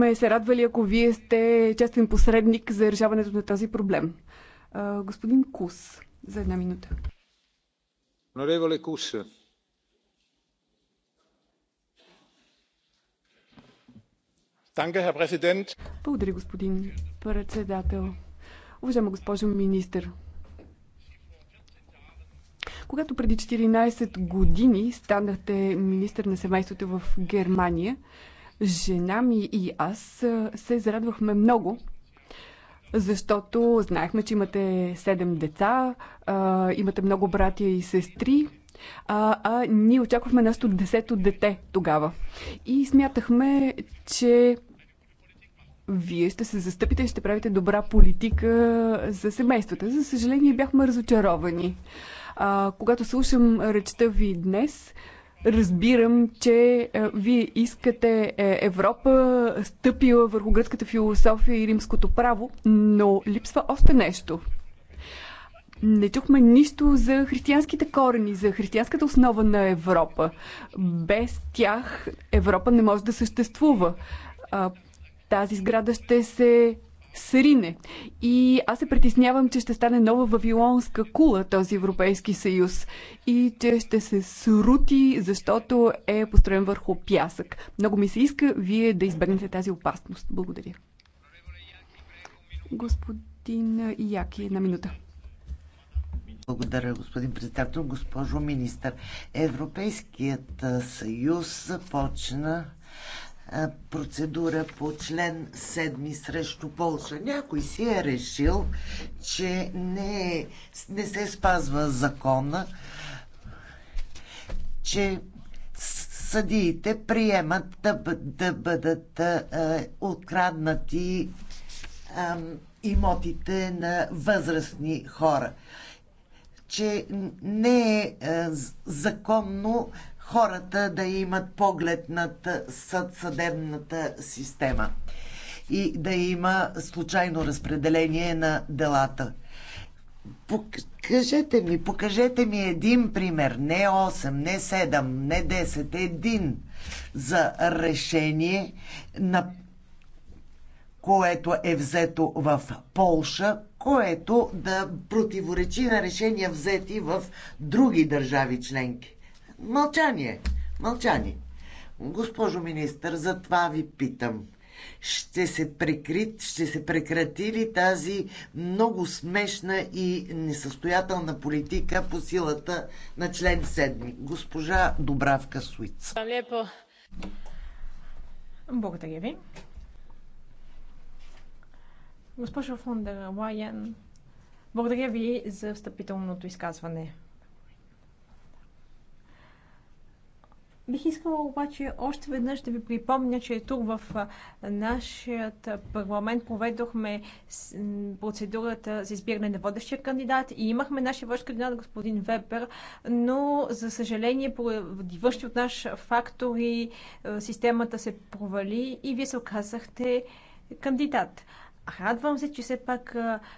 бихме се радвали, ако вие сте честен посредник за решаването на този проблем. Господин Кус, за една минута. Норевале Кус. Благодаря, господин председател. Уважаема госпожо министър, когато преди 14 години станахте министър на семейството в Германия, Жена ми и аз се зарадвахме много, защото знаехме, че имате седем деца, а, имате много братя и сестри, а, а ние очаквахме нашето десето дете тогава. И смятахме, че вие ще се застъпите и ще правите добра политика за семействата. За съжаление, бяхме разочаровани. А, когато слушам речта ви днес, а, Разбирам, че е, вие искате е, Европа стъпила върху гръцката философия и римското право, но липсва още нещо. Не чухме нищо за християнските корени, за християнската основа на Европа. Без тях Европа не може да съществува. А, тази сграда ще се срине. И аз се притеснявам, че ще стане нова вавилонска кула този Европейски съюз и че ще се срути, защото е построен върху пясък. Много ми се иска вие да избегнете тази опасност. Благодаря. Господин Яки, една минута. Благодаря, господин председател. Госпожо министър, Европейският съюз започна процедура по член 7 срещу Полша. Някой си е решил, че не, е, не се спазва закона, че съдиите приемат да, да бъдат а, откраднати а, имотите на възрастни хора че не е, законно хората да имат поглед над съд, съдебната система и да има случайно разпределение на делата. Покажете ми, покажете ми един пример, не 8, не 7, не 10, един за решение, на което е взето в Полша, което да противоречи на решения взети в други държави членки. Мълчание. Мълчание. Госпожо министър, за това ви питам. Ще се, прекрит, ще се прекрати ли тази много смешна и несъстоятелна политика по силата на член 7? Госпожа Добравка Суиц. Благодаря ви. Госпожо фон Лайен, благодаря ви за встъпителното изказване. Бих искала обаче още веднъж да ви припомня, че тук в нашият парламент проведохме процедурата за избиране на водещия кандидат и имахме нашия водещ кандидат господин Вебер, но за съжаление поради външни от наш фактори системата се провали и вие се оказахте кандидат. Радвам се, че все пак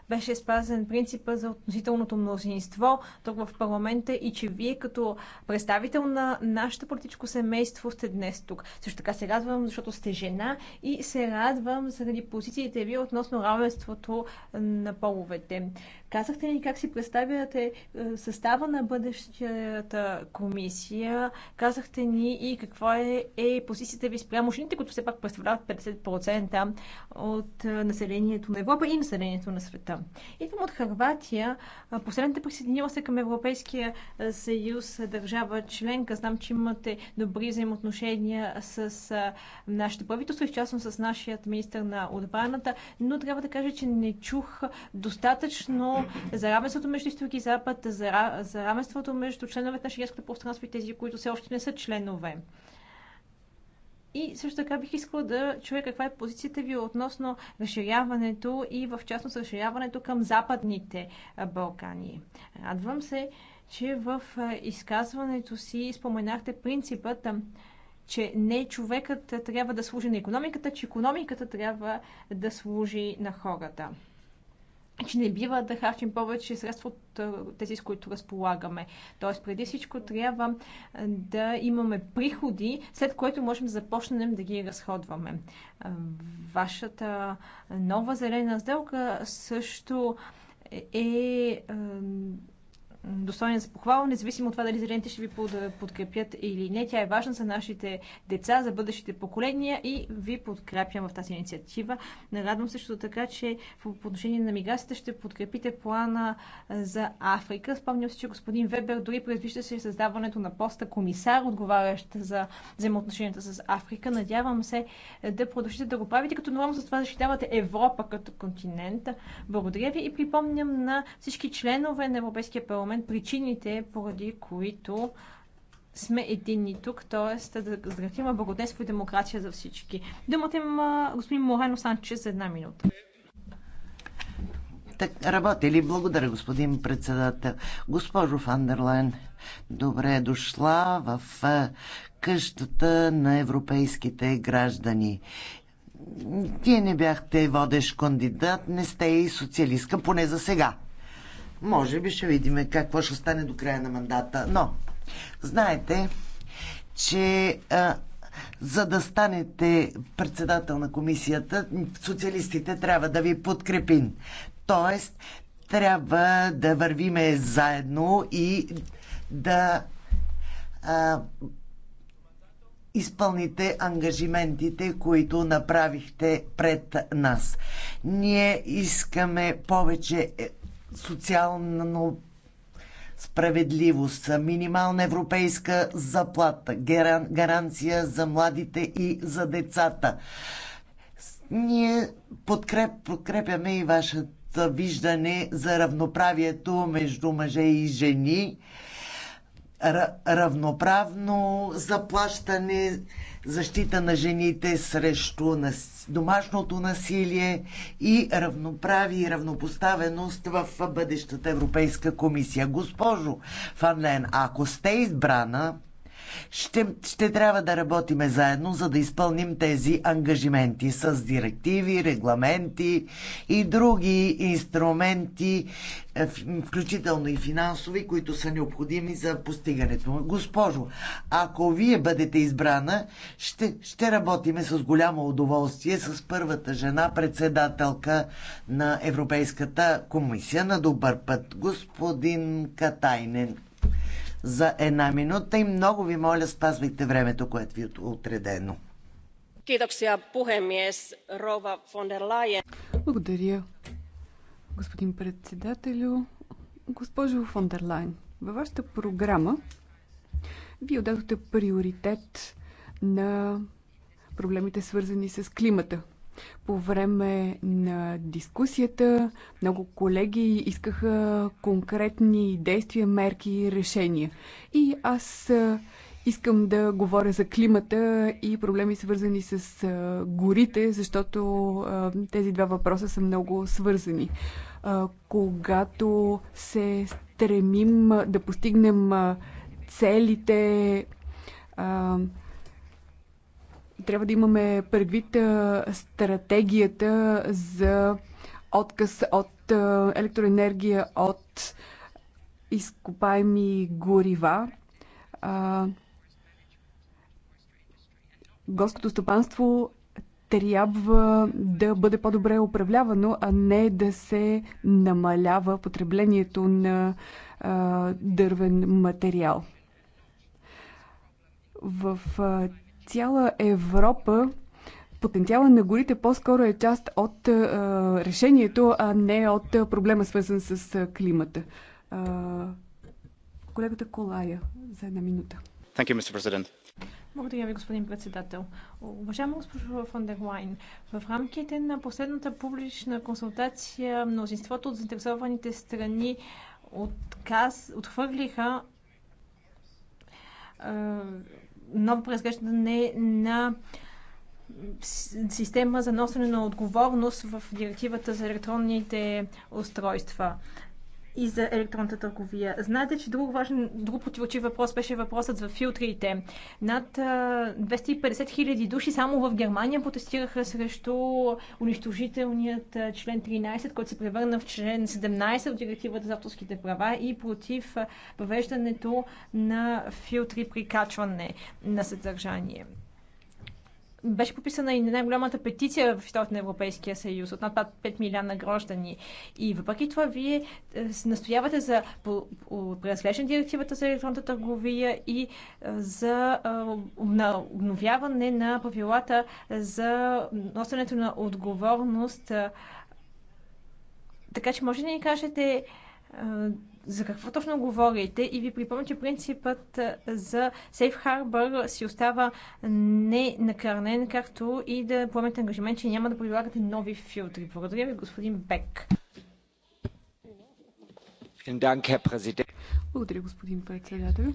беше спазен принципа за относителното мнозинство тук в парламента и че вие като представител на нашето политическо семейство сте днес тук. Също така се радвам, защото сте жена и се радвам заради позициите ви относно равенството на половете. Казахте ни как си представяте е, състава на бъдещата комисия, казахте ни и каква е, е позицията ви спрямо жените, които все пак представляват 50% от е, населението на Европа и населението на света. Идвам от Харватия. Последната присъединила се към Европейския е, съюз държава членка. Знам, че имате добри взаимоотношения с нашите правителство и в частност с нашият министр на отбраната, но трябва да кажа, че не чух достатъчно за равенството между Исток и запад, за, за равенството между членовете на шенгенското пространство и тези, които все още не са членове. И също така бих искала да чуя каква е позицията ви относно разширяването и в частност разширяването към Западните Балкани. Радвам се, че в изказването си споменахте принципът, че не човекът трябва да служи на економиката, че економиката трябва да служи на хората че не бива да харчим повече средства от тези, с които разполагаме. Тоест, преди всичко трябва да имаме приходи, след което можем да започнем да ги разходваме. Вашата нова зелена сделка също е, е достойна за похвала, независимо от това дали зрените ще ви подкрепят или не. Тя е важна за нашите деца, за бъдещите поколения и ви подкрепям в тази инициатива. Нарадвам също така, че по отношение на миграцията ще подкрепите плана за Африка. Спомням се, че господин Вебер дори предвижда се създаването на поста комисар, отговарящ за взаимоотношенията с Африка. Надявам се е, да продължите да го правите, като нормално с това защитавате Европа като континент. Благодаря ви и припомням на всички членове на Европейския парламент, момент причините, поради които сме единни тук, т.е. да гарантираме да благоденство и демокрация за всички. Думата има господин Морено Санчес за една минута. Так, работи ли? Благодаря, господин председател. Госпожо Фандерлайн, добре е дошла в къщата на европейските граждани. Вие не бяхте водещ кандидат, не сте и социалистка, поне за сега. Може би ще видим какво ще стане до края на мандата. Но, знаете, че а, за да станете председател на комисията, социалистите трябва да ви подкрепим. Тоест, трябва да вървиме заедно и да а, изпълните ангажиментите, които направихте пред нас. Ние искаме повече социално справедливост, минимална европейска заплата, гаранция за младите и за децата. Ние подкреп, подкрепяме и вашето виждане за равноправието между мъже и жени, равноправно заплащане, защита на жените срещу нас... домашното насилие и равноправи и равнопоставеност в бъдещата Европейска комисия. Госпожо Фанлен, ако сте избрана, ще, ще трябва да работиме заедно, за да изпълним тези ангажименти с директиви, регламенти и други инструменти, е, включително и финансови, които са необходими за постигането. Госпожо, ако вие бъдете избрана, ще, ще работиме с голямо удоволствие с първата жена, председателка на Европейската комисия. На добър път, господин Катайнен за една минута и много ви моля спазвайте времето, което ви е отредено. Благодаря, господин председателю. Госпожо фон дер Лайн, във вашата програма вие отдадохте приоритет на проблемите свързани с климата. По време на дискусията много колеги искаха конкретни действия, мерки и решения. И аз искам да говоря за климата и проблеми свързани с горите, защото тези два въпроса са много свързани. Когато се стремим да постигнем целите трябва да имаме предвид стратегията за отказ от електроенергия, от изкопаеми горива. Горското стопанство трябва да бъде по-добре управлявано, а не да се намалява потреблението на а, дървен материал. В а, цяла Европа потенциала на горите по-скоро е част от а, е, решението, а не от е, проблема, свързан с а, е, климата. А, колегата Колая за една минута. Thank you, Mr. President. Благодаря ви, господин председател. Уважаема госпожо фон дер Лайн, в рамките на последната публична консултация мнозинството от заинтересованите страни отказ, отхвърлиха ново преразглеждане на система за носене на отговорност в директивата за електронните устройства и за електронната търговия. Знаете, че друг важен, друг противочив въпрос беше въпросът за филтрите. Над 250 хиляди души само в Германия протестираха срещу унищожителният член 13, който се превърна в член 17 от директивата за авторските права и против въвеждането на филтри при качване на съдържание беше подписана и най-голямата петиция в историята на Европейския съюз от над 5 милиона граждани. И въпреки това, вие е, настоявате за преразглеждане директивата за електронната търговия и е, за е, обновяване на правилата за носенето на отговорност. Така че може да ни кажете за какво точно говорите и ви припомня, че принципът за Safe Harbor си остава ненакърнен, както и да поемете ангажимент, че няма да прилагате нови филтри. Благодаря ви, господин Бек. Благодаря, господин председател.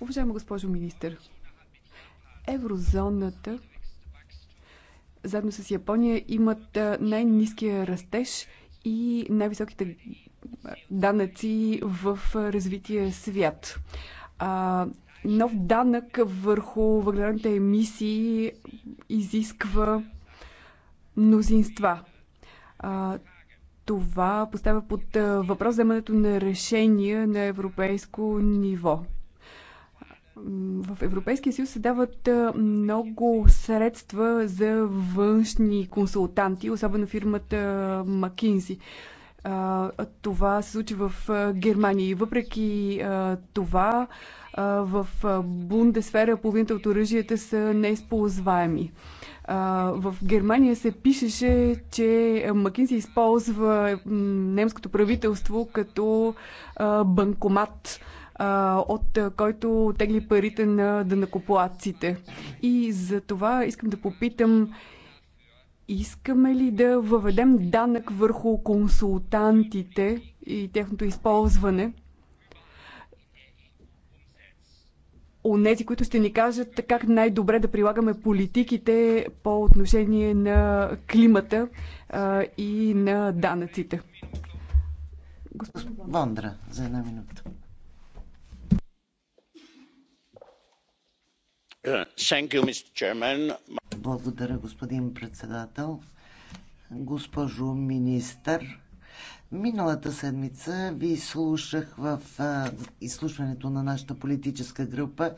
Уважаема госпожо министър, еврозоната заедно с Япония имат най-низкия растеж и най-високите данъци в развития свят. А, нов данък върху въглеродните емисии изисква мнозинства. А, това поставя под въпрос вземането на решения на европейско ниво. В Европейския съюз се дават много средства за външни консултанти, особено фирмата McKinsey това се случи в Германия. И въпреки това, в Бундесфера половината от оръжията са неизползваеми. В Германия се пишеше, че Макин се използва немското правителство като банкомат от който тегли парите на дънакоплатците. И за това искам да попитам Искаме ли да въведем данък върху консултантите и техното използване? Онези, които ще ни кажат как най-добре да прилагаме политиките по отношение на климата а, и на данъците. Господин Вондра, за една минута. Благодаря, господин председател. Госпожо министър, миналата седмица ви слушах в изслушването на нашата политическа група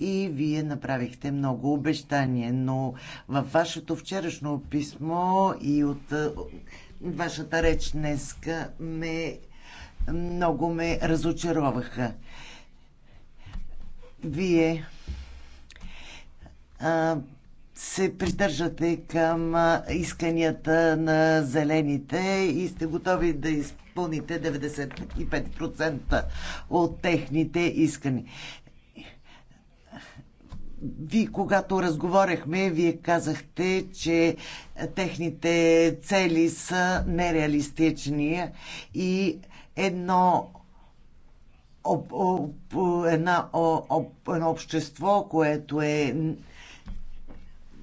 и вие направихте много обещания, но във вашето вчерашно писмо и от вашата реч днеска ме, много ме разочароваха. Вие се придържате към исканията на зелените и сте готови да изпълните 95% от техните искани. Вие, когато разговорехме, вие казахте, че техните цели са нереалистични и едно об, об, една, об, едно общество, което е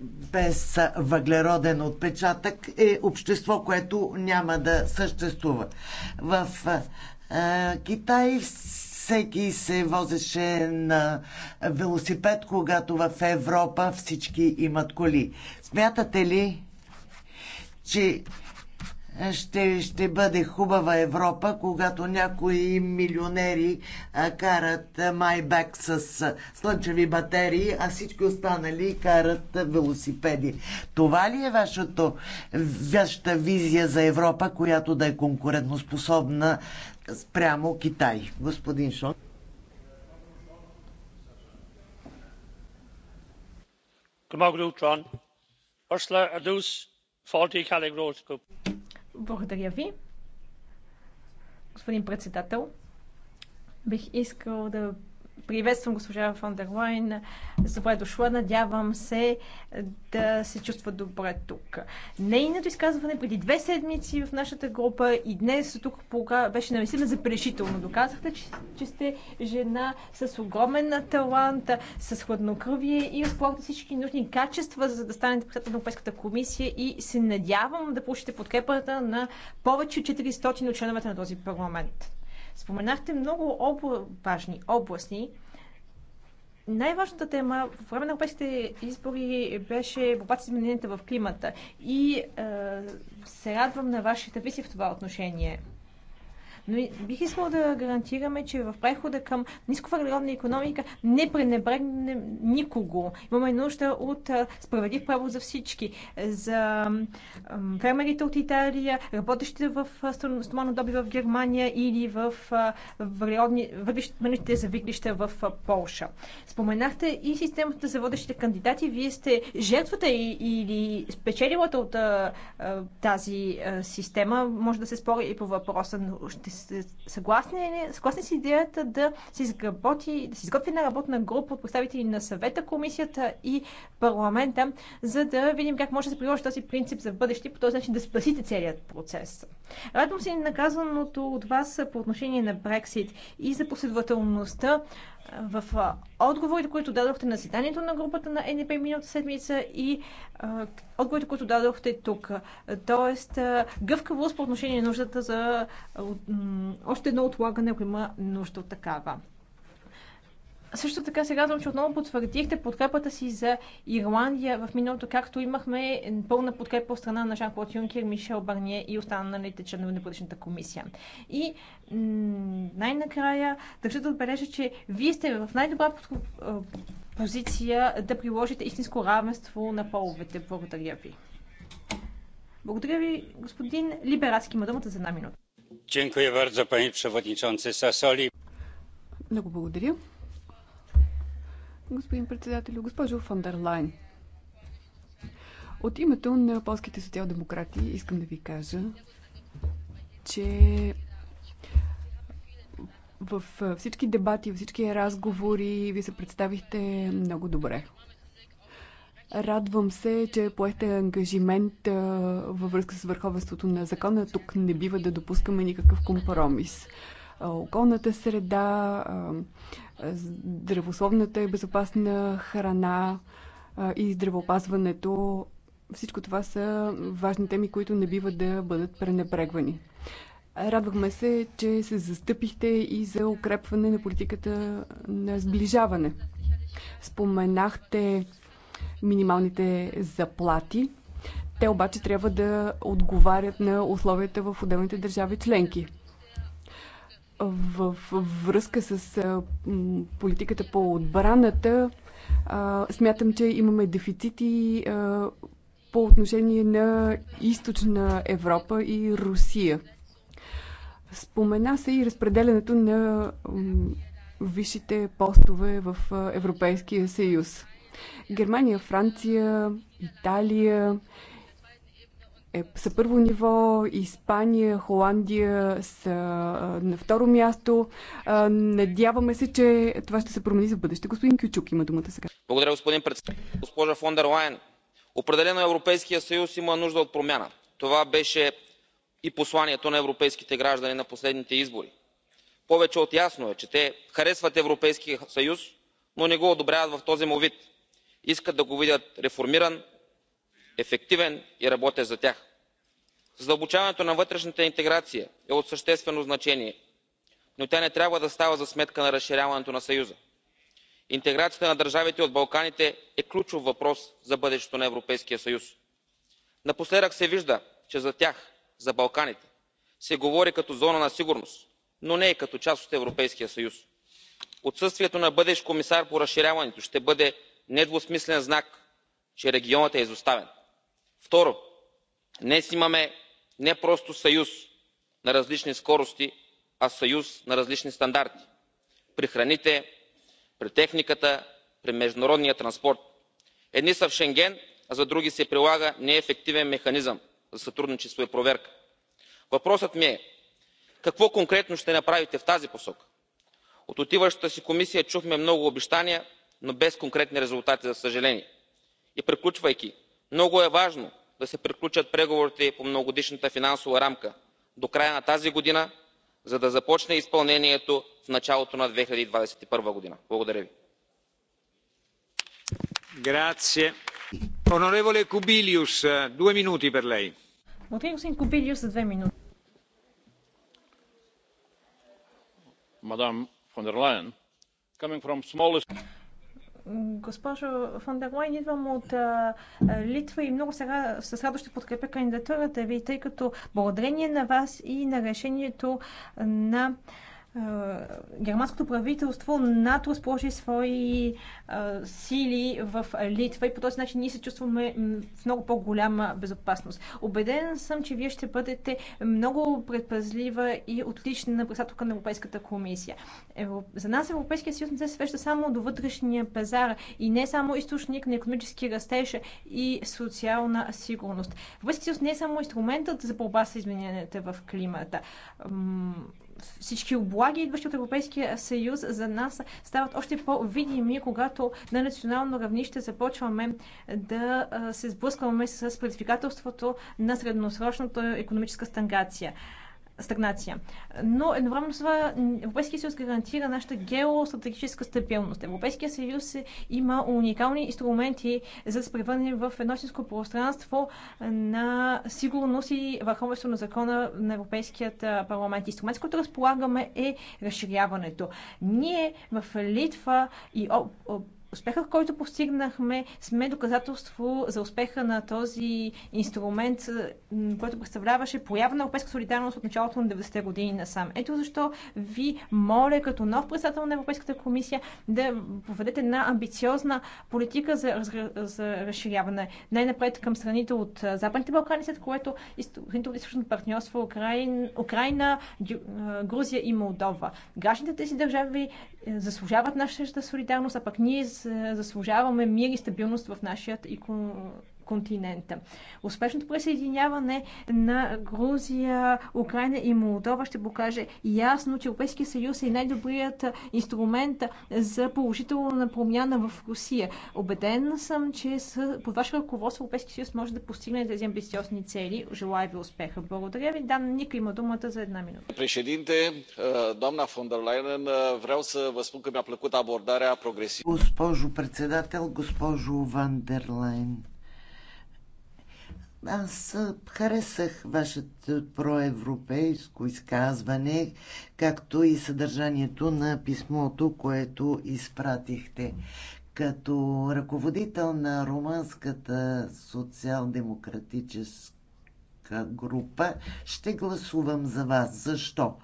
без въглероден отпечатък е общество, което няма да съществува. В е, Китай всеки се возеше на велосипед, когато в Европа всички имат коли. Смятате ли, че ще, ще бъде хубава Европа, когато някои милионери а, карат майбек с а, слънчеви батерии, а всички останали карат а, велосипеди. Това ли е вашето, вашата визия за Европа, която да е конкурентоспособна спрямо Китай? Господин Шон. Ursula Adus, 40 Calig благодаря ви. Господин председател, бих искал да Приветствам госпожа Фон дер Лайн. Добре дошла. Надявам се е, да се чувства добре тук. Нейното изказване преди две седмици в нашата група и днес тук беше наистина запрешително. Доказахте, че, че сте жена с огромен талант, с хладнокръвие и разполагате всички нужни качества, за да станете председател на Европейската комисия и се надявам да получите подкрепата на повече от 400 от членовете на този парламент. Споменахте много обла... важни области. Най-важната тема в време на европейските избори беше борбата с измененията в климата. И е, се радвам на вашите визия в това отношение. Но нали, бих искала да гарантираме, че в прехода към нисковъглеродна економика не пренебрегнем никого. Имаме нужда от справедлив право за всички. За фермерите от Италия, работещите в стоманодоби в Германия или в въглеродните завиглища в Полша. Споменахте и системата за водещите кандидати. Вие сте жертвата или спечелилата от тази система. Може да се спори и по въпроса, но ще съгласни, съгласни с идеята да се изработи, да се изготви една работна група от представители на съвета, комисията и парламента, за да видим как може да се приложи този принцип за бъдеще и по този начин да спасите целият процес. Радвам се наказаното от вас по отношение на Брексит и за последователността в отговорите, които дадохте на заседанието на групата на НП миналата седмица и а, отговорите, които дадохте тук. Тоест, а, гъвкавост по отношение на нуждата за а, още едно отлагане, ако има нужда от такава. Също така се радвам, че отново потвърдихте подкрепата си за Ирландия в миналото, както имахме пълна подкрепа от страна на Жан-Клод Юнкер, Мишел Барние и останалите членове на Бъдещата комисия. И най-накрая държа да отбележа, че вие сте в най-добра позиция да приложите истинско равенство на половете. Благодаря ви. Благодаря ви, господин Либерацки. Има думата за една минута. Благодаря, bardzo, panie przewodniczący Много благодаря господин председател, Госпожо Фандерлайн. от името на полските социал-демократи искам да ви кажа, че в всички дебати, всички разговори ви се представихте много добре. Радвам се, че поехте ангажимент във връзка с върховенството на закона. Тук не бива да допускаме никакъв компромис. Околната среда, здравословната и безопасна храна и здравеопазването. Всичко това са важни теми, които не бива да бъдат пренебрегвани. Радвахме се, че се застъпихте и за укрепване на политиката на сближаване. Споменахте минималните заплати. Те обаче трябва да отговарят на условията в отделните държави членки в връзка с политиката по отбраната, смятам, че имаме дефицити по отношение на източна Европа и Русия. Спомена се и разпределянето на висшите постове в Европейския съюз. Германия, Франция, Италия е, са първо ниво, Испания, Холандия са а, на второ място. А, надяваме се, че това ще се промени за бъдеще. Господин Кючук има думата сега. Благодаря, господин председател. Госпожа Фондер Лайен, определено Европейския съюз има нужда от промяна. Това беше и посланието на европейските граждани на последните избори. Повече от ясно е, че те харесват Европейския съюз, но не го одобряват в този му вид. Искат да го видят реформиран, ефективен и работещ за тях. задълбочаването на вътрешната интеграция е от съществено значение но тя не трябва да става за сметка на разширяването на съюза. интеграцията на държавите от балканите е ключов въпрос за бъдещето на европейския съюз. напоследък се вижда че за тях за балканите се говори като зона на сигурност но не и като част от европейския съюз. отсъствието на бъдещ комисар по разширяването ще бъде недвусмислен знак че регионът е изоставен второ днес имаме не просто съюз на различни скорости а съюз на различни стандарти при храните при техниката при международния транспорт. едни са в шенген а за други се прилага неефективен механизъм за сътрудничество и проверка. въпросът ми е какво конкретно ще направите в тази посока? от отиващата си комисия чухме много обещания но без конкретни резултати за съжаление. и приключвайки много е важно да се приключат преговорите по многогодишната финансова рамка до края на тази година за да започне изпълнението в началото на. две хиляди и двадесет и първа година благодаря ви. Госпожо фон дер Лайн, идвам от а, Литва и много сега с радост ще подкрепя кандидатурата ви, тъй като благодарение на вас и на решението на а, германското правителство, НАТО разположи свои а, сили в Литва и по този начин ние се чувстваме в много по-голяма безопасност. Обеден съм, че вие ще бъдете много предпазлива и отлична председателка на Европейската комисия. Евро... За нас Европейския съюз не се свеща само до вътрешния пазар и не само източник на економически растеж и социална сигурност. Европейския съюз не е само инструментът за борба с измененията в климата всички облаги, идващи от Европейския съюз, за нас стават още по-видими, когато на национално равнище започваме да се сблъскваме с предизвикателството на средносрочната економическа стангация стагнация. Но едновременно с това Европейския съюз гарантира нашата геостратегическа стабилност. Европейския съюз има уникални инструменти за да се превърне в едно пространство на сигурност и върховенство на закона на Европейският парламент. Инструмент, с който разполагаме е разширяването. Ние в Литва и Успехът, който постигнахме, сме доказателство за успеха на този инструмент, който представляваше поява на европейска солидарност от началото на 90-те години насам. Ето защо ви моля като нов председател на Европейската комисия да поведете една амбициозна политика за, за разширяване. Най-напред към страните от Западните Балкани, след което страните от партньорство Украина, Украина, Грузия и Молдова. Гражданите тези държави е, заслужават нашата солидарност, а пък ние с е, заслужаваме мир и стабилност в нашия континента. Успешното присъединяване на Грузия, Украина и Молдова ще покаже ясно, че Европейския съюз е най-добрият инструмент за положителна промяна в Русия. Обеден съм, че под ваше ръководство Европейския съюз може да постигне тези амбициозни цели. Желая ви успеха. Благодаря ви. Дан Ника има думата за една минута. Președинте, домна Фондерлайнен, der să vă spun că mi-a plăcut abordarea progresivă. Госпожо председател, госпожо Вандерлайн. Аз харесах вашето проевропейско изказване, както и съдържанието на писмото, което изпратихте. Като ръководител на Румънската социал-демократическа група, ще гласувам за вас. Защо?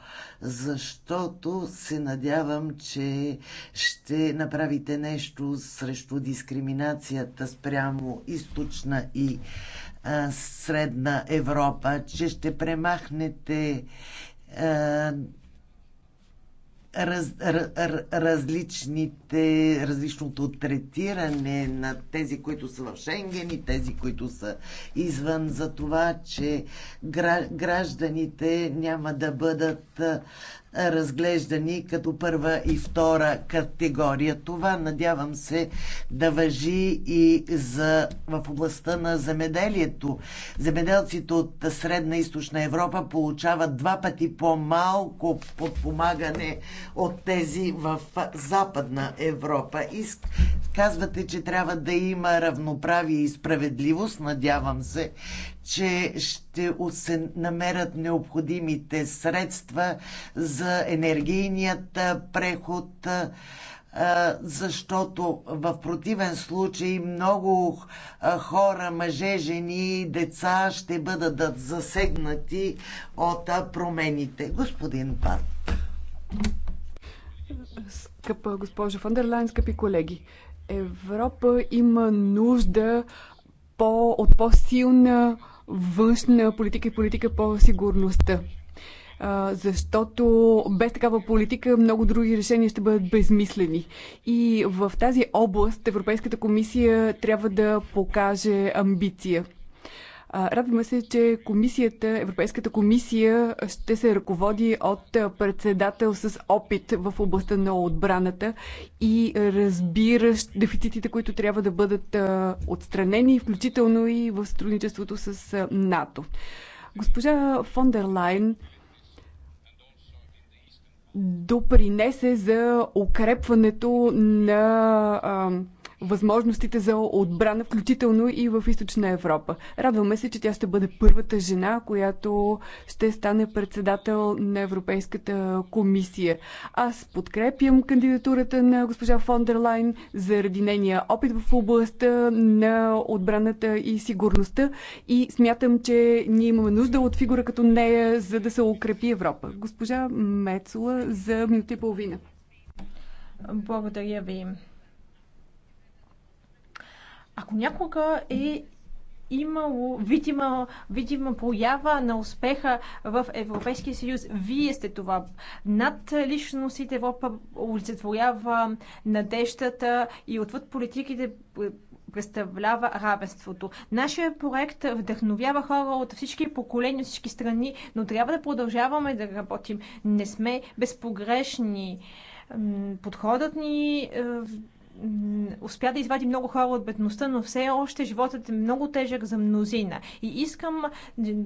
Защото се надявам, че ще направите нещо срещу дискриминацията спрямо източна и Средна Европа, че ще премахнете раз, раз, различните, различното третиране на тези, които са в Шенген и тези, които са извън за това, че гражданите няма да бъдат разглеждани като първа и втора категория. Това надявам се да въжи и за, в областта на земеделието. Земеделците от Средна и Източна Европа получават два пъти по-малко подпомагане от тези в Западна Европа. И казвате, че трябва да има равноправие и справедливост. Надявам се, че ще се намерят необходимите средства за енергийният преход, защото в противен случай много хора, мъже, жени и деца ще бъдат засегнати от промените. Господин Парт. Скъпа госпожа Фандерлайн, скъпи колеги, Европа има нужда по, от по-силна външна политика и политика по сигурността. Защото без такава политика много други решения ще бъдат безмислени. И в тази област Европейската комисия трябва да покаже амбиция. Радваме се, че комисията, Европейската комисия ще се ръководи от председател с опит в областта на отбраната и разбиращ дефицитите, които трябва да бъдат отстранени, включително и в сътрудничеството с НАТО. Госпожа Фондерлайн допринесе за укрепването на възможностите за отбрана, включително и в Източна Европа. Радваме се, че тя ще бъде първата жена, която ще стане председател на Европейската комисия. Аз подкрепям кандидатурата на госпожа Фондерлайн заради нейния опит в областта на отбраната и сигурността и смятам, че ние имаме нужда от фигура като нея, за да се укрепи Европа. Госпожа Мецула за минута и половина. Благодаря ви. Ако някога е имало видима, видима поява на успеха в Европейския съюз. Вие сте това. Над личностите Европа олицетворява надеждата и отвъд политиките представлява равенството. Нашия проект вдъхновява хора от всички поколения, всички страни, но трябва да продължаваме да работим. Не сме безпогрешни подходът ни е, успя да извади много хора от бедността, но все още животът е много тежък за мнозина. И искам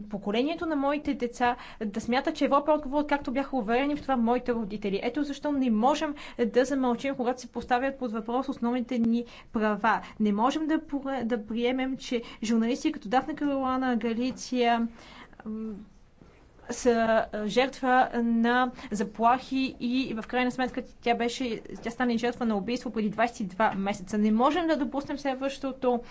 поколението на моите деца да смята, че Европа е отговор, както бяха уверени в това моите родители. Ето защо не можем да замълчим, когато се поставят под въпрос основните ни права. Не можем да, да приемем, че журналисти като Дафна Каролана, Галиция, са жертва на заплахи и в крайна сметка тя, беше, тя стана жертва на убийство преди 22 месеца. Не можем да допуснем следващото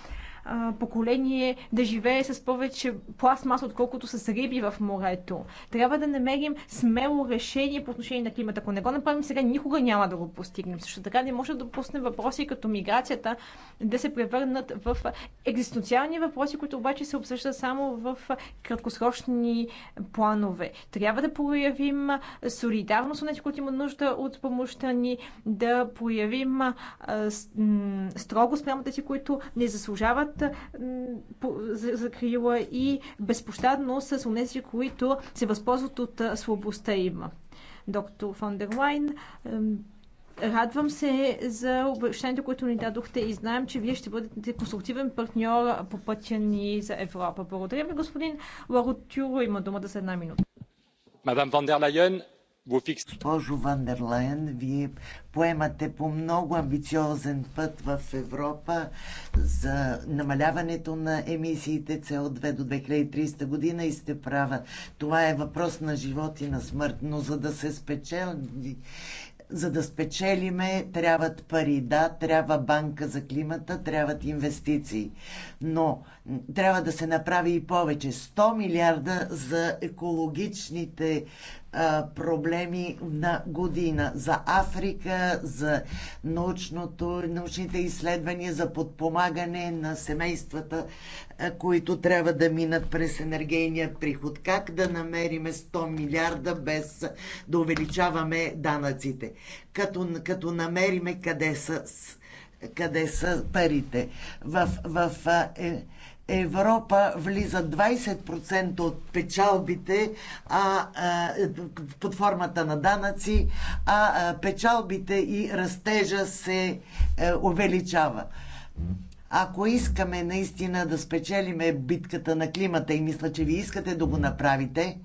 поколение да живее с повече пластмаса, отколкото с риби в морето. Трябва да намерим смело решение по отношение на климата. Ако не го направим сега, никога няма да го постигнем. Също така не може да допуснем въпроси като миграцията да се превърнат в екзистенциални въпроси, които обаче се обсъждат само в краткосрочни планове. Трябва да проявим солидарност на тези, които имат нужда от помощта ни, да проявим строго спрямо тези, които не заслужават закрила и безпощадно с онези, които се възползват от слабостта им. Доктор Фон дер Лайн, Радвам се за обещанието, което ни дадохте и знаем, че вие ще бъдете конструктивен партньор по пътя ни за Европа. Благодаря ви, господин Ларотюро. Има думата за една минута. Мадам Фон дер Лайен, Госпожо Вандерлайн, вие поемате по много амбициозен път в Европа за намаляването на емисиите CO2 до 2030 година и сте права. Това е въпрос на живот и на смърт, но за да се спечели за да спечелиме, трябват пари. Да, трябва банка за климата, трябват инвестиции. Но трябва да се направи и повече. 100 милиарда за екологичните проблеми на година за Африка, за научното, научните изследвания, за подпомагане на семействата, които трябва да минат през енергийния приход. Как да намериме 100 милиарда без да увеличаваме данъците? Като, като намериме къде са, къде са парите. В, в, е, Европа влиза 20% от печалбите а, а, под формата на данъци, а, а печалбите и растежа се а, е, увеличава. Ако искаме наистина да спечелиме битката на климата и мисля, че ви искате да го направите,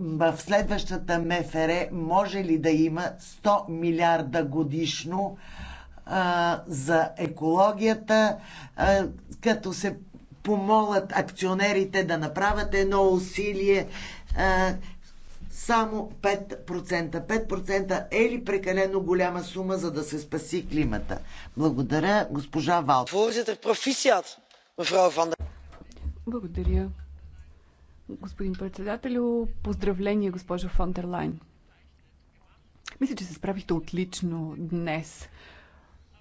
в следващата МФР може ли да има 100 милиарда годишно а, за екологията, а, като се помолят акционерите да направят едно усилие а, е, само 5%. 5% е ли прекалено голяма сума, за да се спаси климата? Благодаря, госпожа Вал. Благодаря, господин председателю. Поздравление, госпожо Фондерлайн. Мисля, че се справихте отлично днес.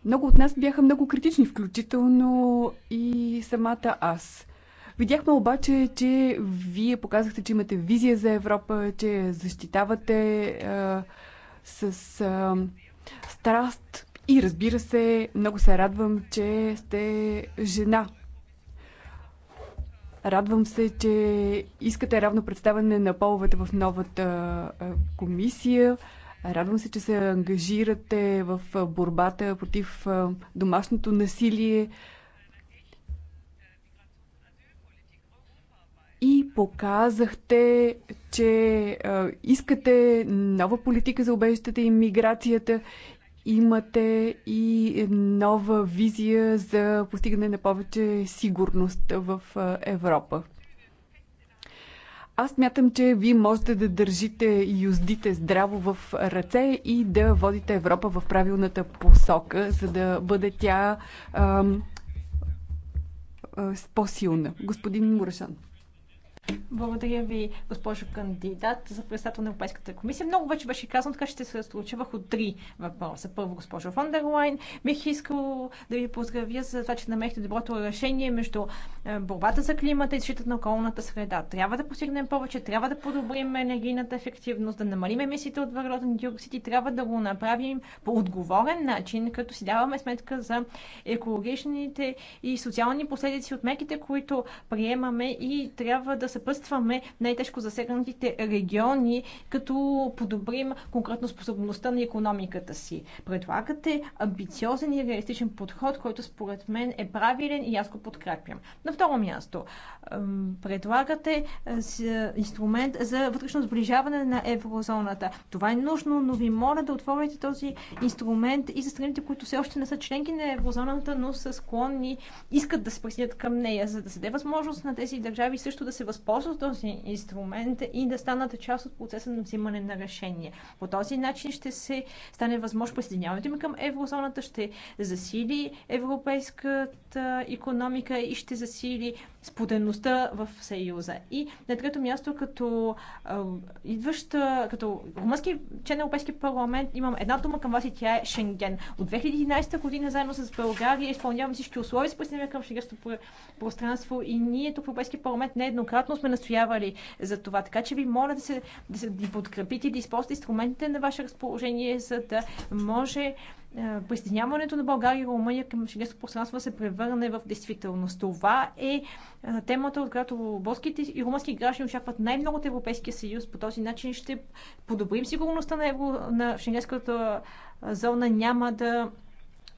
Много от нас бяха много критични, включително и самата аз. Видяхме обаче, че вие показахте, че имате визия за Европа, че защитавате е, с е, страст и разбира се, много се радвам, че сте жена. Радвам се, че искате равно представяне на половете в новата комисия. Радвам се, че се ангажирате в борбата против домашното насилие и показахте, че искате нова политика за убежищата и миграцията. Имате и нова визия за постигане на повече сигурност в Европа. Аз мятам, че вие можете да държите юздите здраво в ръце и да водите Европа в правилната посока, за да бъде тя ам, по-силна. Господин Мурашан. Благодаря ви, госпожо кандидат за председател на Европейската комисия. Много вече беше казано, така ще се случи върху три въпроса. Първо, госпожо Фондерлайн, бих искал да ви поздравя за това, че намерихте доброто решение между е, борбата за климата и защитата на околната среда. Трябва да постигнем повече, трябва да подобрим енергийната ефективност, да намалим емисиите от въглероден диоксид и трябва да го направим по отговорен начин, като си даваме сметка за екологичните и социални последици от меките, които приемаме и трябва да се съпътстваме най-тежко засегнатите региони, като подобрим конкретно способността на економиката си. Предлагате амбициозен и реалистичен подход, който според мен е правилен и аз го подкрепям. На второ място, предлагате инструмент за вътрешно сближаване на еврозоната. Това е нужно, но ви моля да отворите този инструмент и за страните, които все още не са членки на еврозоната, но са склонни, искат да се присъединят към нея, за да се даде възможност на тези държави също да се възползват използват този инструмент и да станат част от процеса на взимане на решения. По този начин ще се стане възможно присъединяването им към еврозоната, ще засили европейската економика и ще засили сподеността в Съюза. И на трето място, като идваща, като румънски член европейски парламент, имам една дума към вас и тя е Шенген. От 2011 година заедно с България изпълняваме всички условия с присъединяване към шенгенското пространство и ние тук в Европейски парламент нееднократно сме настоявали за това. Така че ви моля да се, да се подкрепите и да използвате инструментите на ваше разположение, за да може е, присъединяването на България и Румъния към шенгенското пространство се превърне в действителност. Това е, е темата, от която българските и румънски граждани очакват най-много от Европейския съюз. По този начин ще подобрим сигурността на, евро, на шенгенската е, зона. Няма да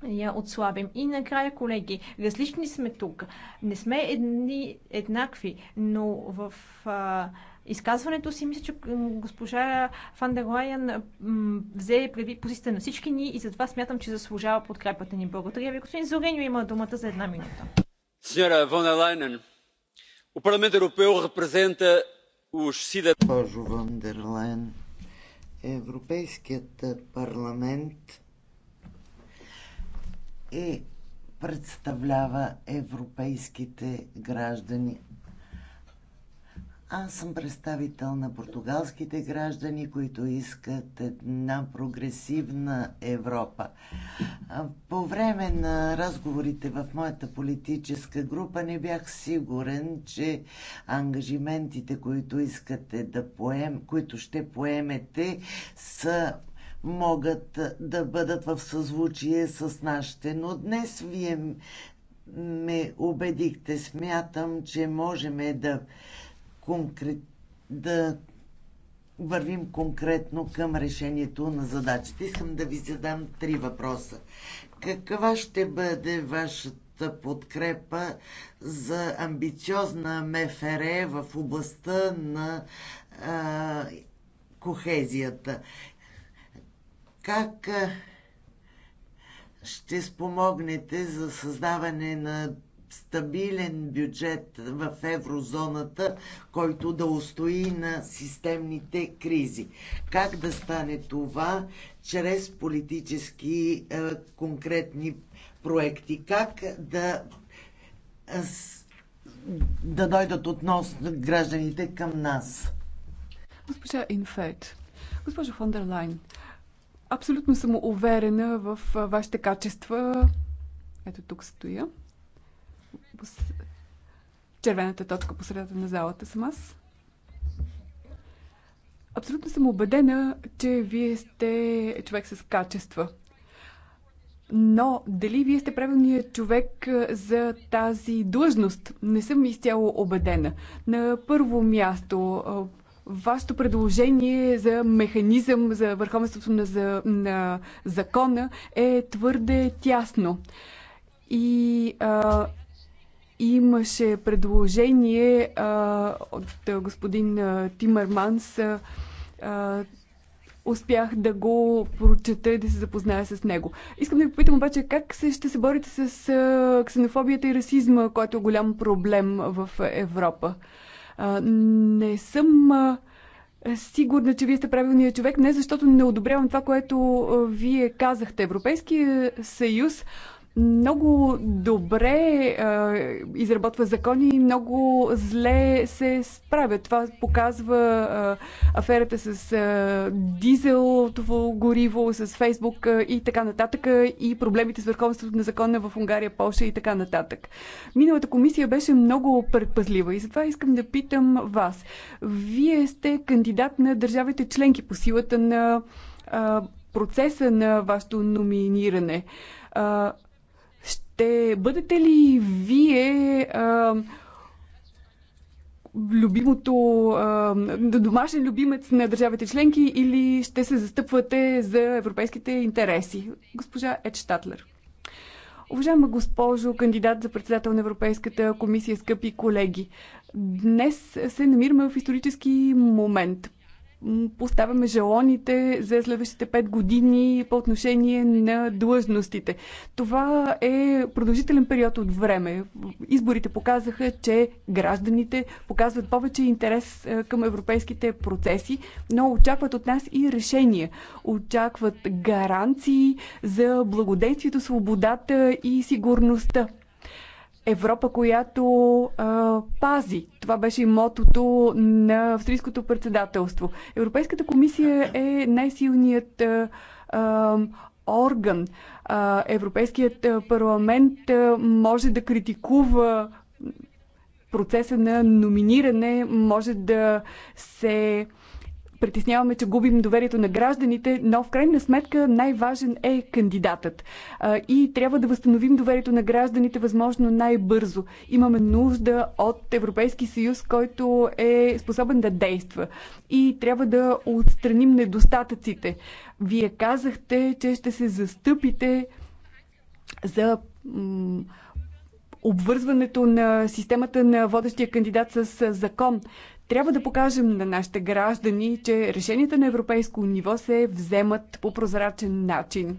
я отслабим. И накрая, колеги, различни сме тук. Не сме едни, еднакви, но в а, изказването си мисля, че госпожа Фан дер Лайен взе предвид позицията на всички ни и затова смятам, че заслужава подкрепата ни. Благодаря ви. Господин Зоренио има думата за една минута. Сеньора Ван дер Лайен, o Parlamento Europeu representa os cidadãos. Европейският парламент е представлява европейските граждани. Аз съм представител на португалските граждани, които искат една прогресивна Европа. По време на разговорите в моята политическа група не бях сигурен, че ангажиментите, които искате да поем, които ще поемете, са могат да бъдат в съзвучие с нашите. Но днес вие ме убедихте. Смятам, че можем да, конкрет... да вървим конкретно към решението на задачите. Искам да ви задам три въпроса. Каква ще бъде вашата подкрепа за амбициозна МФР в областта на а, кохезията? Как ще спомогнете за създаване на стабилен бюджет в еврозоната, който да устои на системните кризи. Как да стане това чрез политически е, конкретни проекти? Как да, е, да дойдат относно гражданите към нас? Госпожа Инфет, госпожа Фондерлайн, Лайн, Абсолютно съм уверена в вашите качества. Ето тук стоя. Червената точка по средата на залата съм аз. Абсолютно съм убедена, че вие сте човек с качества. Но дали вие сте правилният човек за тази длъжност, не съм изцяло убедена. На първо място, вашето предложение за механизъм за върховенството на, за, на закона е твърде тясно. И а, имаше предложение а, от господин а, Тимърманс. А, а, успях да го прочета и да се запозная с него. Искам да ви попитам обаче как се, ще се борите с а, ксенофобията и расизма, който е голям проблем в Европа. Не съм сигурна, че вие сте правилният човек, не защото не одобрявам това, което вие казахте. Европейския съюз много добре а, изработва закони и много зле се справя. Това показва а, аферата с а, дизелтово гориво, с Фейсбук а, и така нататък и проблемите с върховенството на закона в Унгария, Польша и така нататък. Миналата комисия беше много предпазлива и затова искам да питам вас. Вие сте кандидат на държавите членки по силата на а, процеса на вашето номиниране. А, ще бъдете ли вие а, любимото, а, домашен любимец на държавите членки или ще се застъпвате за европейските интереси? Госпожа Едштатлер. Уважаема госпожо, кандидат за председател на Европейската комисия, скъпи колеги, днес се намираме в исторически момент поставяме желоните за следващите 5 години по отношение на длъжностите. Това е продължителен период от време. Изборите показаха, че гражданите показват повече интерес е, към европейските процеси, но очакват от нас и решения. Очакват гаранции за благодействието, свободата и сигурността. Европа, която а, пази. Това беше мотото на австрийското председателство. Европейската комисия е най-силният орган. А, Европейският парламент а, може да критикува процеса на номиниране, може да се а, притесняваме, че губим доверието на гражданите, но в крайна сметка най-важен е кандидатът. И трябва да възстановим доверието на гражданите възможно най-бързо. Имаме нужда от Европейски съюз, който е способен да действа. И трябва да отстраним недостатъците. Вие казахте, че ще се застъпите за обвързването на системата на водещия кандидат с закон. Трябва да покажем на нашите граждани, че решенията на европейско ниво се вземат по прозрачен начин.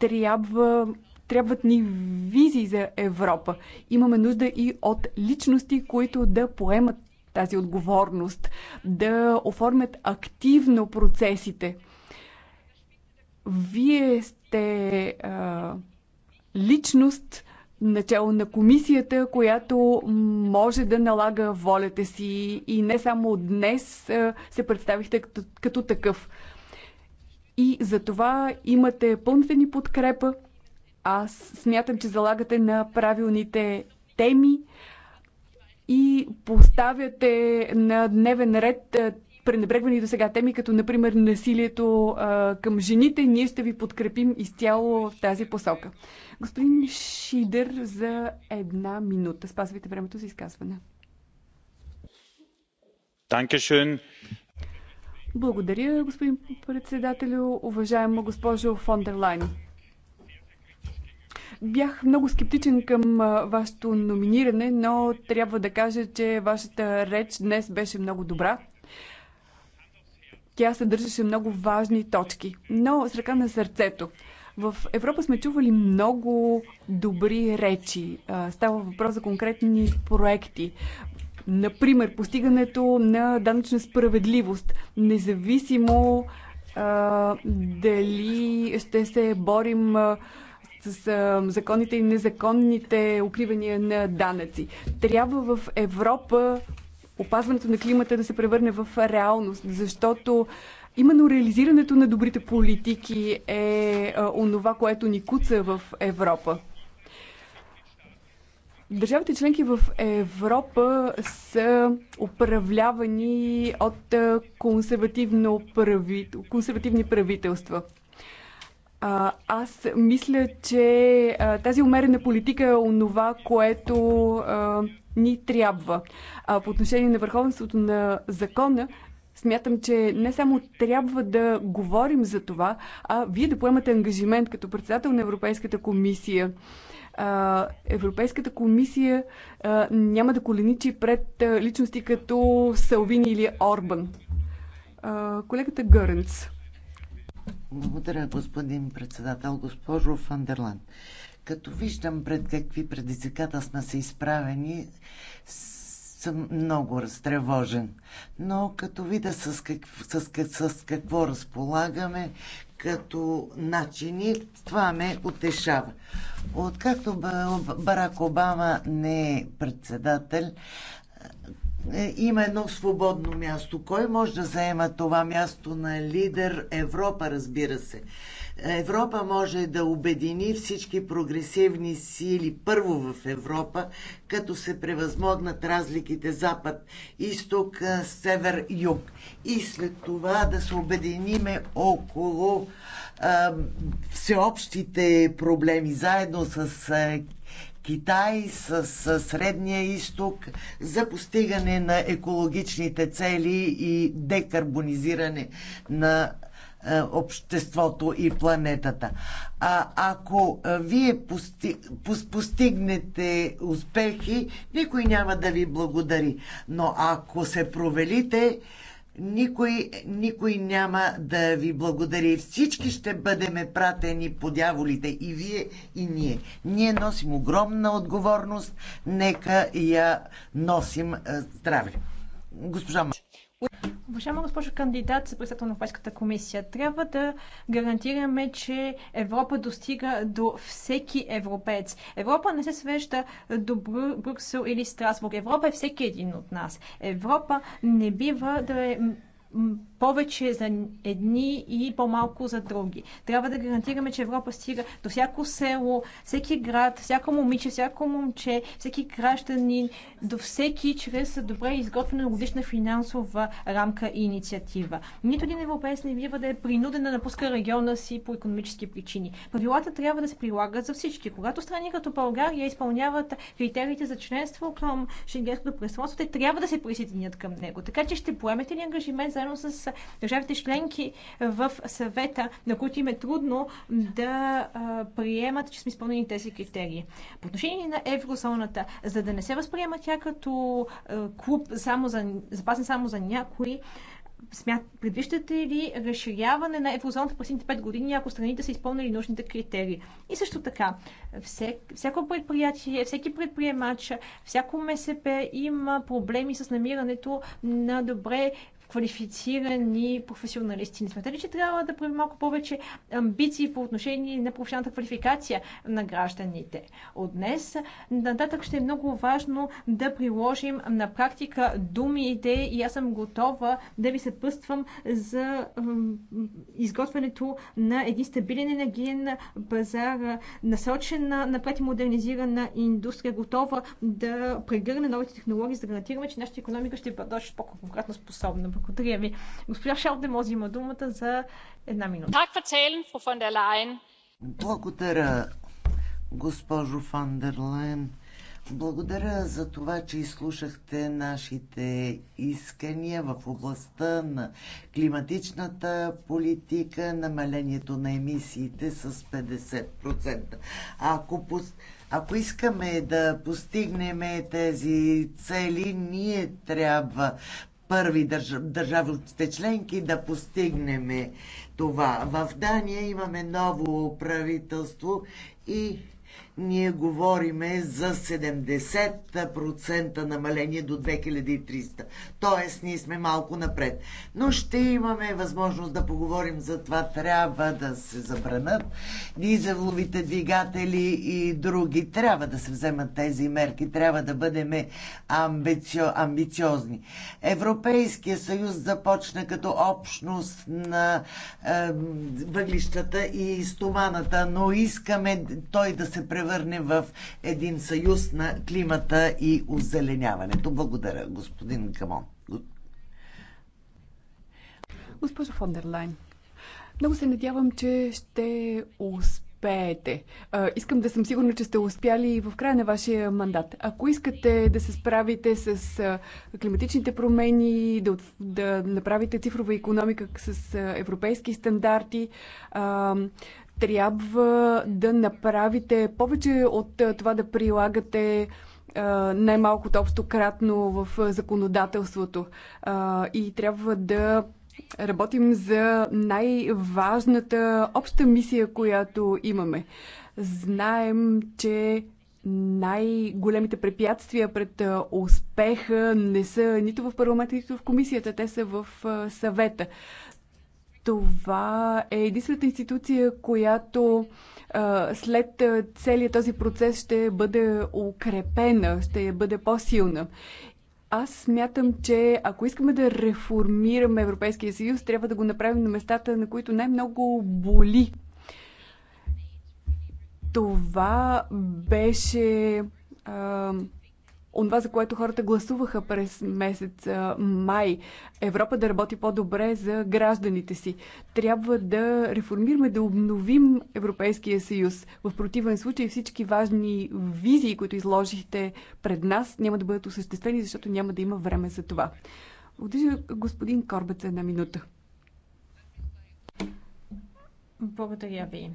Трябва трябват ни визии за Европа. Имаме нужда и от личности, които да поемат тази отговорност, да оформят активно процесите. Вие сте а, личност, начало на комисията, която може да налага волята си и не само днес се представихте като, като такъв. И за това имате пълната ни подкрепа. Аз смятам, че залагате на правилните теми и поставяте на дневен ред пренебрегвани до сега теми, като например насилието а, към жените, ние ще ви подкрепим изцяло в тази посока. Господин Шидер, за една минута. Спазвайте времето за изказване. Dankeschön. Благодаря, господин председателю. Уважаема госпожо Фондерлайн. Бях много скептичен към вашето номиниране, но трябва да кажа, че вашата реч днес беше много добра тя съдържаше много важни точки. Но с ръка на сърцето. В Европа сме чували много добри речи. Става въпрос за конкретни проекти. Например, постигането на данъчна справедливост, независимо а, дали ще се борим а, с а, законните и незаконните укривания на данъци. Трябва в Европа опазването на климата да се превърне в реалност, защото именно реализирането на добрите политики е онова, което ни куца в Европа. Държавите членки в Европа са управлявани от консервативно прави... консервативни правителства. А, аз мисля, че а, тази умерена политика е онова, което а, ни трябва. А, по отношение на върховенството на закона, смятам, че не само трябва да говорим за това, а вие да поемате ангажимент като председател на Европейската комисия. А, Европейската комисия а, няма да коленичи пред личности като Салвини или Орбан. А, колегата Гърнц. Благодаря, господин председател, госпожо Фандерлан, Като виждам пред какви предизвикателства са изправени, съм много разтревожен. Но като видя с, как, с, как, с какво разполагаме, като начини, това ме утешава. Откакто Барак Обама не е председател, е, има едно свободно място. Кой може да заема това място на лидер? Европа, разбира се. Европа може да обедини всички прогресивни сили първо в Европа, като се превъзмогнат разликите запад, изток, е, север, юг. И след това да се обединиме около а, е, всеобщите проблеми, заедно с а, Китай, с, с Средния изток за постигане на екологичните цели и декарбонизиране на е, обществото и планетата. А ако е, вие пости, постигнете успехи, никой няма да ви благодари. Но ако се провелите, никой, никой няма да ви благодари. Всички ще бъдеме пратени по дяволите. И вие, и ние. Ние носим огромна отговорност. Нека я носим е, здраве. Госпожа Уважаема госпожо кандидат за председател на Европейската комисия, трябва да гарантираме, че Европа достига до всеки европеец. Европа не се свежда до Брюксел или Страсбург. Европа е всеки един от нас. Европа не бива да е повече за едни и по-малко за други. Трябва да гарантираме, че Европа стига до всяко село, всеки град, всяко момиче, всяко момче, всеки гражданин, до всеки чрез добре изготвена годишна финансова рамка и инициатива. Нито един европеец не бива да е принуден да напуска региона си по економически причини. Правилата трябва да се прилагат за всички. Когато страни като България изпълняват критериите за членство към Шенгенското пространство, те трябва да се присъединят към него. Така че ще поемете ли ангажимент заедно с държавите членки в съвета, на които им е трудно да приемат, че сме изпълнени тези критерии. По отношение на еврозоната, за да не се възприема тя като клуб само за, запасен само за някои, смят, предвиждате ли разширяване на еврозоната в последните 5 години, ако страните са изпълнили нужните критерии? И също така, всек, всяко предприятие, всеки предприемач, всяко МСП има проблеми с намирането на добре квалифицирани професионалисти. Не смятате ли, че трябва да правим малко повече амбиции по отношение на професионалната квалификация на гражданите? От днес нататък ще е много важно да приложим на практика думите и аз съм готова да ви съпътствам за изготвянето на един стабилен енергиен пазар, насочена напред и модернизирана индустрия, готова да прегърне новите технологии, за да гарантираме, че нашата економика ще бъде още по-конкретно способна. Благодаря ви. Госпожа може има думата за една минута. Благодаря, госпожо Фандерлайн. Благодаря за това, че изслушахте нашите искания в областта на климатичната политика, намалението на емисиите с 50%. Ако, ако искаме да постигнем тези цели, ние трябва първи държ... държавите членки да постигнем това. В Дания имаме ново правителство и ние говориме за 70% намаление до 2300. Тоест, ние сме малко напред. Но ще имаме възможност да поговорим за това. Трябва да се забранат дизеловите двигатели и други. Трябва да се вземат тези мерки. Трябва да бъдем амбицио, амбициозни. Европейския съюз започна като общност на е, въглищата и стоманата, но искаме той да се се превърне в един съюз на климата и озеленяването. Благодаря, господин Камон. Госпожо Фондерлайн, много се надявам, че ще успеете. искам да съм сигурна, че сте успяли и в края на вашия мандат. Ако искате да се справите с климатичните промени, да, да направите цифрова економика с европейски стандарти, трябва да направите повече от това да прилагате най-малкото общо кратно в законодателството. И трябва да работим за най-важната обща мисия, която имаме. Знаем, че най-големите препятствия пред успеха не са нито в парламента, нито в комисията, те са в съвета. Това е единствената институция, която след целият този процес ще бъде укрепена, ще бъде по-силна. Аз смятам, че ако искаме да реформираме Европейския съюз, трябва да го направим на местата, на които най-много боли. Това беше а, онова, за което хората гласуваха през месец май. Европа да работи по-добре за гражданите си. Трябва да реформираме, да обновим Европейския съюз. В противен случай всички важни визии, които изложихте пред нас, няма да бъдат осъществени, защото няма да има време за това. Отдържа господин Корбет една минута. Благодаря ви.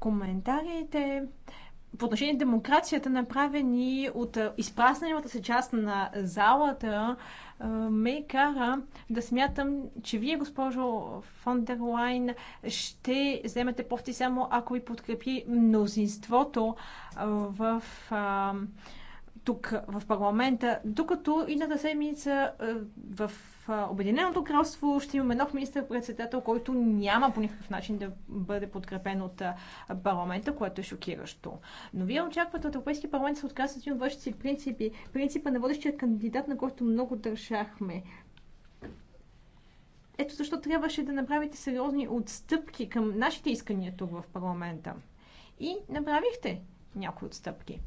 Коментарите по отношение на демокрацията, направени от изпрасналата се част на залата, ме кара да смятам, че вие, госпожо фон ще вземете пости само ако ви подкрепи мнозинството в тук в парламента, докато на седмица в Обединеното кралство ще имаме нов министър-председател, който няма по никакъв начин да бъде подкрепен от парламента, което е шокиращо. Но вие очаквате от Европейския парламент да се отказва от вашите принципи, принципа на водещия кандидат, на който много държахме. Ето защо трябваше да направите сериозни отстъпки към нашите искания тук в парламента. И направихте някои отстъпки.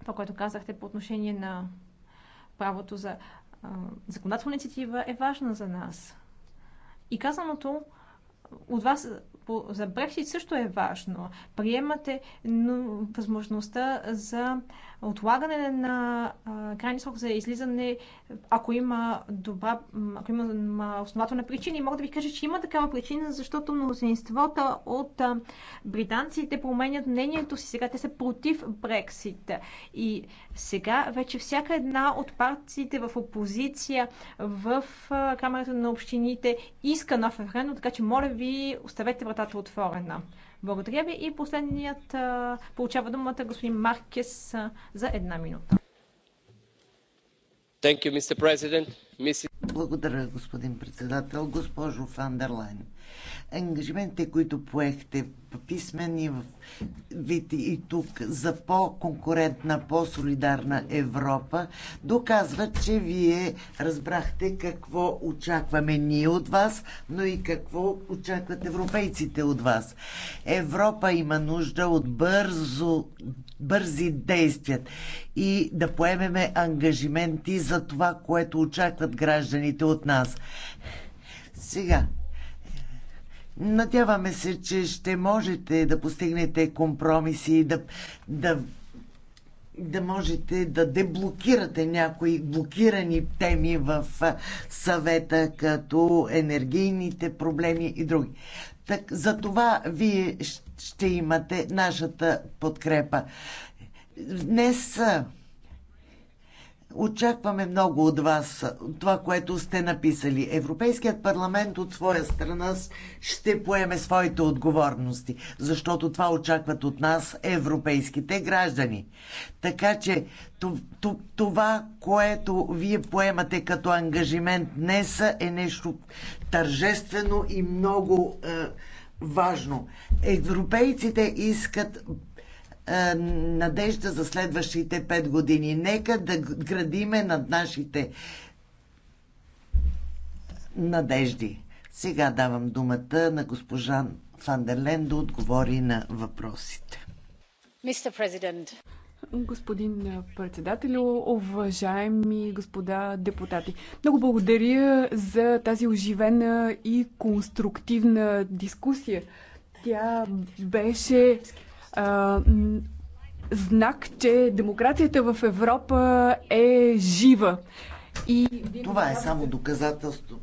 Това, което казахте по отношение на правото за законодателна инициатива е важна за нас. И казаното от вас за Брексит също е важно. Приемате но, възможността за отлагане на крайни срок за излизане, ако има добра, ако има основателна причина. И мога да ви кажа, че има такава причина, защото мнозинствата от британците променят мнението си. Сега те са против Брексит. И сега вече всяка една от партиите в опозиция в Камерата на общините иска нов референдум, така че моля ви, оставете вратата отворена. Благодаря ви и последният получава думата господин Маркес за една минута. Thank you, Mr. President. Благодаря, господин председател. Госпожо Фандерлайн, ангажиментите, които поехте писмени в вид и тук за по-конкурентна, по-солидарна Европа, доказват, че вие разбрахте какво очакваме ние от вас, но и какво очакват европейците от вас. Европа има нужда от бързо, бързи действия и да поемеме ангажименти за това, което очакват очакват гражданите от нас. Сега, надяваме се, че ще можете да постигнете компромиси, да, да, да можете да деблокирате някои блокирани теми в съвета, като енергийните проблеми и други. Так, за това вие ще имате нашата подкрепа. Днес Очакваме много от вас това, което сте написали. Европейският парламент от своя страна ще поеме своите отговорности, защото това очакват от нас европейските граждани. Така че това, което вие поемате като ангажимент днес е нещо тържествено и много е, важно. Европейците искат е, надежда за следващите пет години. Нека да градиме над нашите надежди. Сега давам думата на госпожа Фандерлен да отговори на въпросите. Господин председател, уважаеми господа депутати, много благодаря за тази оживена и конструктивна дискусия. Тя беше знак, че демокрацията в Европа е жива. И... Това е само доказателство.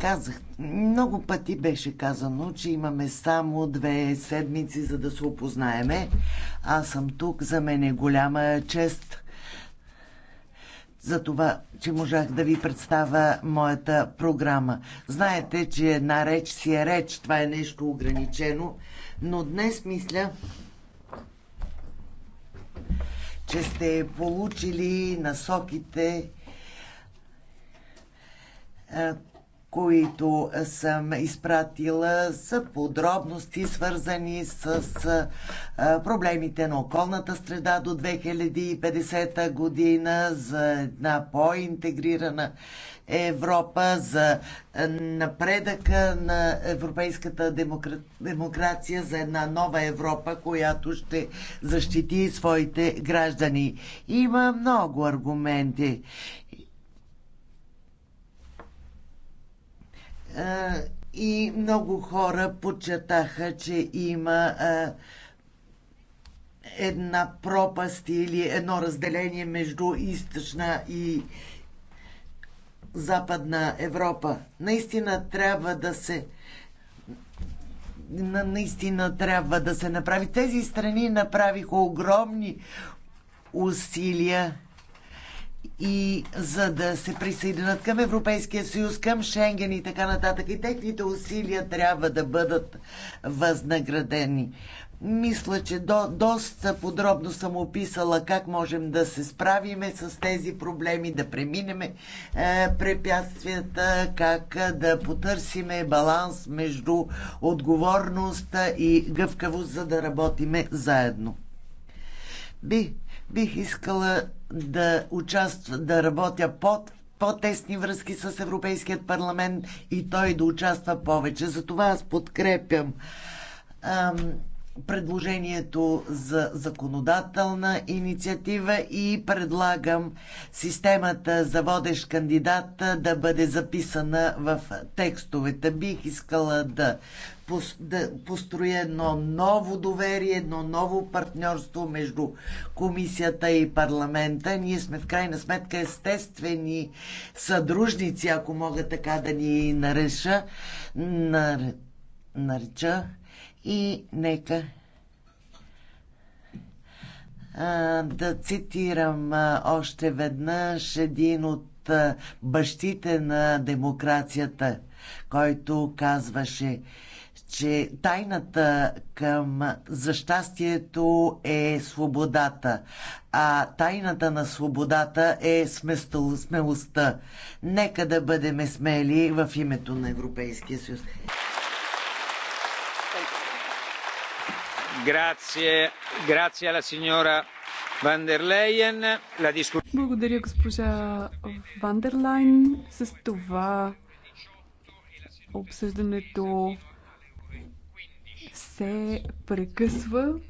Казах, много пъти беше казано, че имаме само две седмици, за да се опознаеме. Аз съм тук, за мен е голяма чест за това, че можах да ви представя моята програма. Знаете, че една реч си е реч, това е нещо ограничено, но днес мисля, че сте получили насоките, които съм изпратила, са подробности, свързани с проблемите на околната среда до 2050 година, за една по-интегрирана Европа, за напредъка на европейската демокра... демокрация, за една нова Европа, която ще защити своите граждани. Има много аргументи. и много хора подчертаха, че има една пропаст или едно разделение между източна и Западна Европа. Наистина трябва да се наистина трябва да се направи. Тези страни направиха огромни усилия и за да се присъединят към Европейския съюз, към Шенген и така нататък. И техните усилия трябва да бъдат възнаградени. Мисля, че до, доста подробно съм описала как можем да се справиме с тези проблеми, да преминеме е, препятствията, как е, да потърсиме баланс между отговорността и гъвкавост, за да работиме заедно. Би, бих искала да участвам, да работя под по-тесни връзки с Европейският парламент и той да участва повече. Затова аз подкрепям ам, предложението за законодателна инициатива и предлагам системата за водещ кандидат да бъде записана в текстовете. Бих искала да, да построя едно ново доверие, едно ново партньорство между комисията и парламента. Ние сме в крайна сметка естествени съдружници, ако мога така да ни нареша, нареча и нека да цитирам още веднъж един от бащите на демокрацията, който казваше, че тайната към за щастието е свободата, а тайната на свободата е смелостта. Нека да бъдем смели в името на Европейския съюз. Благодаря, госпожа Вандерлайн. С това обсъждането се прекъсва.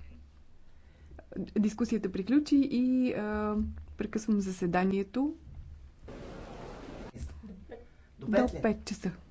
Дискусията приключи и а, прекъсвам заседанието до 5 часа.